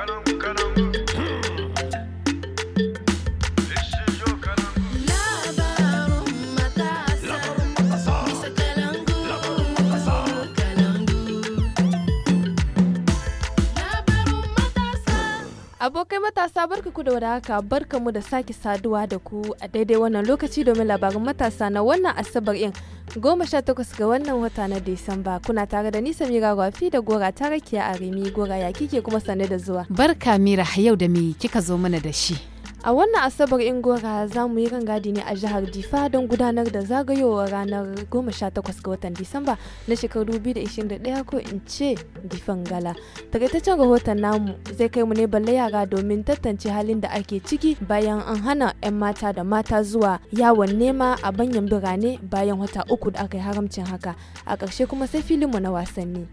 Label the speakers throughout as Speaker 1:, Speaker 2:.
Speaker 1: Caramba, caramba.
Speaker 2: Abokai matasa barka ku da wadaka barka mu da sake saduwa da ku a daidai wannan lokaci domin labarin matasa na wannan asabar in goma sha takwas ga wannan wata na Disamba kuna tare da ni Samira Rafi da Gora Tarakiya a Remi Gora ya kike kuma sane da zuwa.
Speaker 1: Barka Mira yau da me kika zo mana da shi.
Speaker 2: A wannan Asabar Ingora za mu yi rangadi ne a jihar Difa don gudanar da zagayowar ranar 18 ga watan Disamba na shekaru 2021 ko in ce Difan Gala. Takaitaccen rahoton namu zai kai mu ne balle yara domin tantance halin da ake ciki bayan an hana 'yan mata da mata zuwa yawon nema a banyan birane bayan wata uku da aka yi haramcin haka. A ƙarshe kuma sai filin mu na wasanni.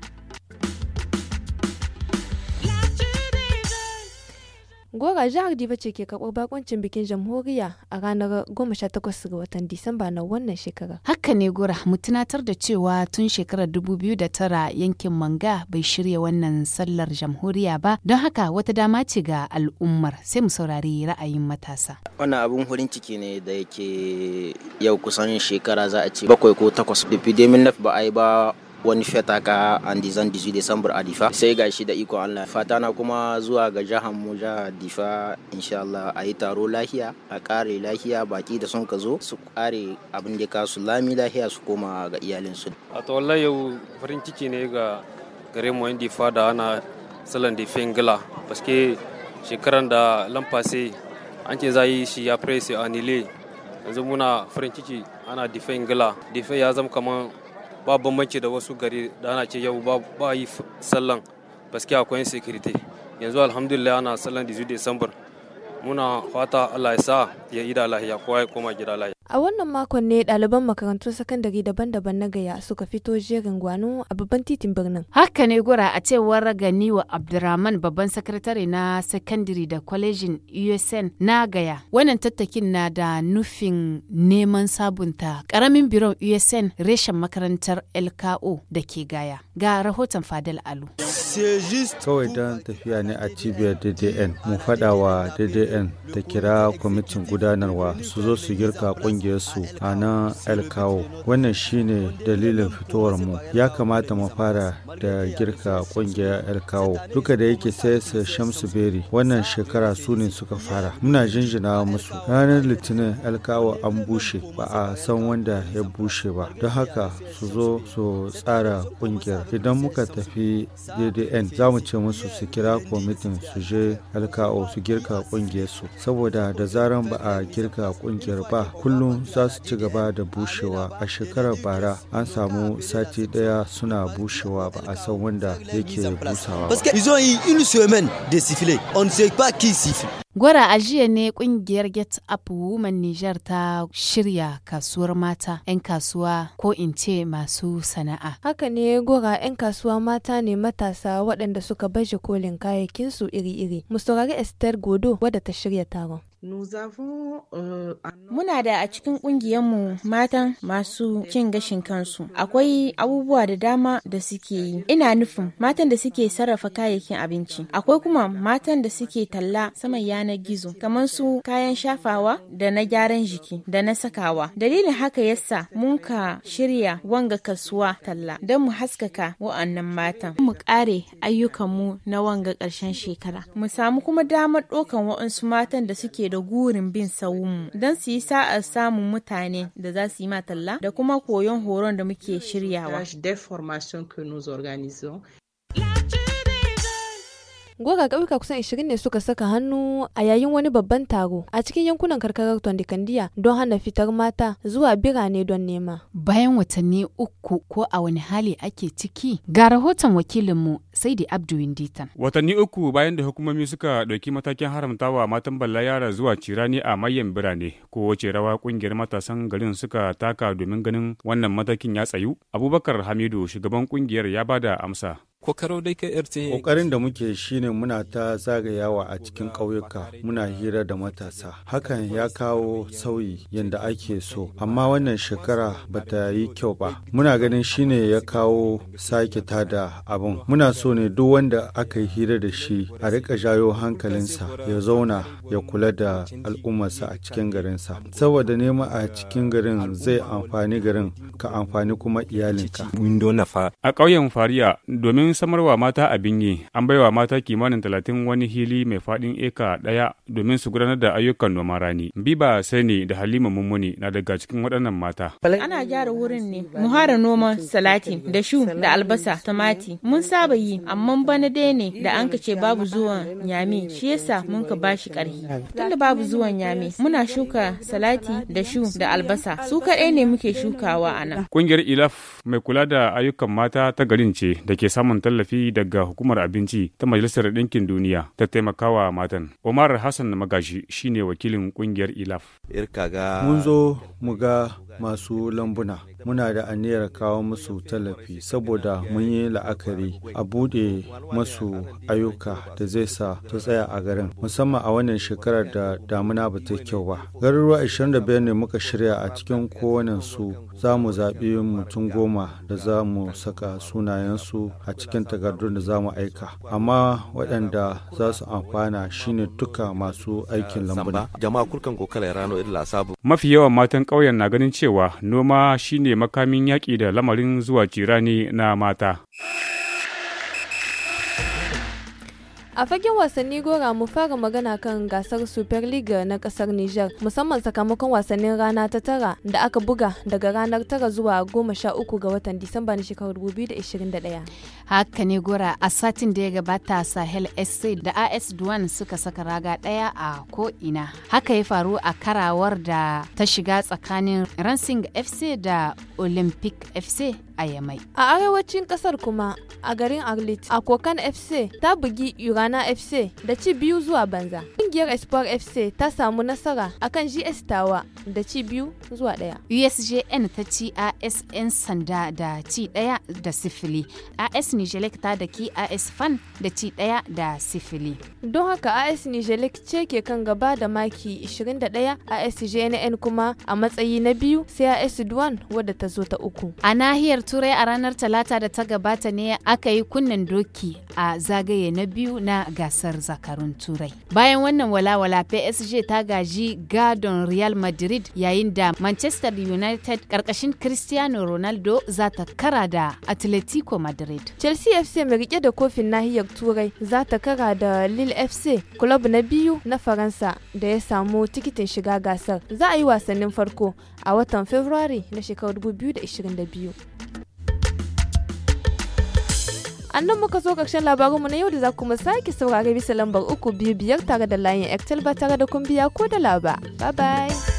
Speaker 2: Gora jihar Diba ce ke karɓar bakoncin bikin jamhuriya a ranar 18 ga watan Disamba na wannan shekara.
Speaker 1: Haka ne Gora mu tunatar da cewa tun shekarar 2009 yankin Manga bai shirya wannan sallar jamhuriya ba don haka wata dama ce ga al'ummar sai mu saurari ra'ayin matasa.
Speaker 3: Wannan abun hurin ciki ne da yake yau kusan shekara za a ce bakwai ko takwas. Epidemic ba a yi ba wani feta ka an dizan 18 Desambar a Difa sai ga shi da ikon Allah fata na kuma zuwa ga jihar mu jihar Difa insha Allah a yi taro lahiya a kare lahiya baki da sun ka zo su kare abin da ka su lami lahiya su koma ga iyalinsu.
Speaker 4: A to wallahi yau farin ciki ne ga gare mu yan Difa da ana salon Difin Gila paske shekaran da lamfase an ce za yi shi ya a nile yanzu muna farin ciki ana difa ingila difa ya zama kamar ba bambanci da wasu gari da ana ce yau ba yi sallan baske akwai security yanzu alhamdulillah ana sallan 18 december muna fata allah ya sa ya yi da lahiya kowa ya koma gida lahiya
Speaker 2: A wannan makon ne ɗaliban makarantun sakandare daban-daban na gaya suka fito jerin gwano a babban titin birnin. Haka ne
Speaker 1: gura a cewar Ganiwa Abdurrahman babban sakatare na sakandare da kwalejin USN na gaya. Wannan tattakin na da nufin neman sabunta ƙaramin biron USN reshen makarantar LKO da ke gaya. Ga rahoton Fadal Alu.
Speaker 3: Kawai don tafiya ne a cibiyar DDN, mu faɗa wa DDN ta kira kwamitin gudanarwa su zo su girka ƙungiyarsu a nan elkawo wannan shine dalilin fitowar mu ya kamata mu fara da girka ƙungiyar elkawo duka da yake sai su shamsu beri wannan shekara su ne suka fara muna jinjina musu ranar litinin elkawo an bushe ba a san wanda ya bushe ba don haka su zo su tsara ƙungiyar idan muka tafi ddn za mu ce musu su kira kwamitin su je elkawo su girka ƙungiyarsu saboda da zaran ba a girka ƙungiyar ba kullum hannu za su ci gaba da bushewa a shekarar bara an samu sati daya suna bushewa ba a san wanda yake busawa
Speaker 1: ba. Gwara a jiya ne kungiyar Get Up Women Niger ta shirya kasuwar mata 'yan kasuwa ko in ce masu sana'a.
Speaker 2: Haka ne gora 'yan kasuwa mata ne matasa waɗanda suka baje kolin kayayyakinsu iri-iri. Mu saurari Esther Godo wadda ta shirya taron.
Speaker 1: Euh,
Speaker 2: Muna da a cikin ƙungiyarmu matan
Speaker 1: masu cin gashin kansu. Akwai abubuwa da dama da suke yi. Ina nufin matan da suke sarrafa kayayyakin abinci. Akwai kuma matan da suke talla saman yanar gizo, kamar su kayan shafawa da na gyaran jiki da na sakawa. Dalilin haka yasa mun ka shirya wanga kasuwa talla don mu haskaka wa'annan matan. Mu ƙare ayyukanmu na wanga ƙarshen shekara. Mu samu kuma damar ɗaukan wa'ansu matan da suke da gurin bin sawunmu don su yi sa'ar samun mutane da za su yi matalla da kuma koyon horon da muke shiryawa.
Speaker 2: Goga ƙauyuka kusan 20 ne suka saka hannu a yayin wani babban taro a cikin yankunan karkarar Tondikandiya don hana fitar mata zuwa birane don nema. Bayan watanni uku ko a wani hali ake ciki ga rahoton wakilinmu
Speaker 1: Saidi Abdu Winditan.
Speaker 4: Watanni uku bayan da hukumomi suka ɗauki matakin haramtawa matan balla yara zuwa cirani a mayan birane ko wace rawa ƙungiyar matasan garin suka taka domin ganin wannan matakin ya tsayu. Abubakar Hamidu shugaban ƙungiyar ya bada amsa.
Speaker 3: kokarin da muke shine muna ta zagayawa a cikin ƙauyuka muna hira da matasa. Hakan ya kawo sauyi yadda ake so, amma wannan shekara ba ta yi kyau ba. Muna ganin shine ya kawo sake tada abin. Muna so ne duk wanda aka yi hira da shi a rika jayo hankalinsa ya zauna ya kula da al'ummarsa a cikin garinsa. Saboda nema a cikin garin zai amfani
Speaker 4: garin ka amfani kuma iyalinka. A ƙauyen Fariya domin samarwa mata abin yi an wa mata kimanin talatin wani hili mai faɗin eka ɗaya domin su gudanar da ayyukan noman rani biba sani da halima mummuni na daga cikin waɗannan mata
Speaker 1: ana gyara wurin ne mu hara noman salati da shu da albasa tamati mun saba yi amma bana dai ne da an ce babu zuwan yami shi yasa mun ka bashi tun tunda babu zuwan yami muna shuka salati da shu da albasa su kaɗai ne muke shukawa a nan
Speaker 4: ƙungiyar ilaf mai kula da ayyukan mata ta garin ce da ke samun tallafi daga hukumar abinci ta Majalisar Ɗinkin Duniya ta taimakawa matan. Omar Hassan Magashi shine wakilin kungiyar ILAF. Mun
Speaker 3: zo mu ga masu lambuna muna da aniyar kawo musu tallafi saboda mun yi
Speaker 4: la'akari a
Speaker 3: bude masu ayyuka da zai sa ta tsaya a garin musamman a wannan shekarar da damuna ba ta kyau ba garuruwa 25 ne muka shirya a cikin kowane su za mu zaɓi mutum goma da za mu saka sunayensu a cikin takardun da za mu aika amma waɗanda za su amfana shine duka masu aikin
Speaker 4: lambuna jama'a kurkan kokala rano illa sabu mafi yawan matan ƙauyen na ganin cewa cewa noma shine makamin yaƙi da lamarin zuwa cirani na mata.
Speaker 2: A fagen wasanni gora mu fara magana kan gasar Super League na kasar Niger musamman sakamakon wasannin rana ta tara da aka buga daga ranar tara zuwa goma sha uku ga watan Disamba na shekarar 2021. Haka ne gora
Speaker 1: a satin da ya gabata Sahel SC da AS Duwan suka saka raga daya a ko ina Haka ya faru a karawar da ta shiga tsakanin Ransing FC da Olympic FC a Yamai.
Speaker 2: A arewacin kasar kuma a garin Arlit, Akokan FC ta bugi Urana FC da ci biyu zuwa banza. Ƙungiyar Espoir FC ta samu nasara akan GS Tawa da ci biyu zuwa ɗaya. USJN ta
Speaker 1: ci AS 'yan sanda da ci ɗaya da sifili. AS Nijelek ta da ki AS Fan da ci ɗaya da sifili.
Speaker 2: Don haka AS Nijelek ce ke kan gaba da maki 21 AS JNN kuma a matsayi na biyu sai AS Duwan wadda ta zo ta uku. A nahiyar Turai a ranar Talata da ta gabata ne aka yi kunnen
Speaker 1: doki a zagaye na biyu na gasar zakarun Turai. Bayan wannan walawala PSG ta gaji gadon Real Madrid yayin da Manchester United karkashin Cristiano Ronaldo za ta kara da Atletico Madrid.
Speaker 2: Chelsea FC mai rike da kofin nahiyar Turai za ta kara da Lille FC, club na biyu na Faransa da ya samu tikitin shiga gasar. Za a yi wasannin farko a watan Fabrairu na shekarar 2022. an nan muka zo ƙarshen labarinmu na yau da za ku kuma sake saurare bisa lambar uku biyu biyar tare da layin ectel ba tare da kumbiya ko da laba bye bye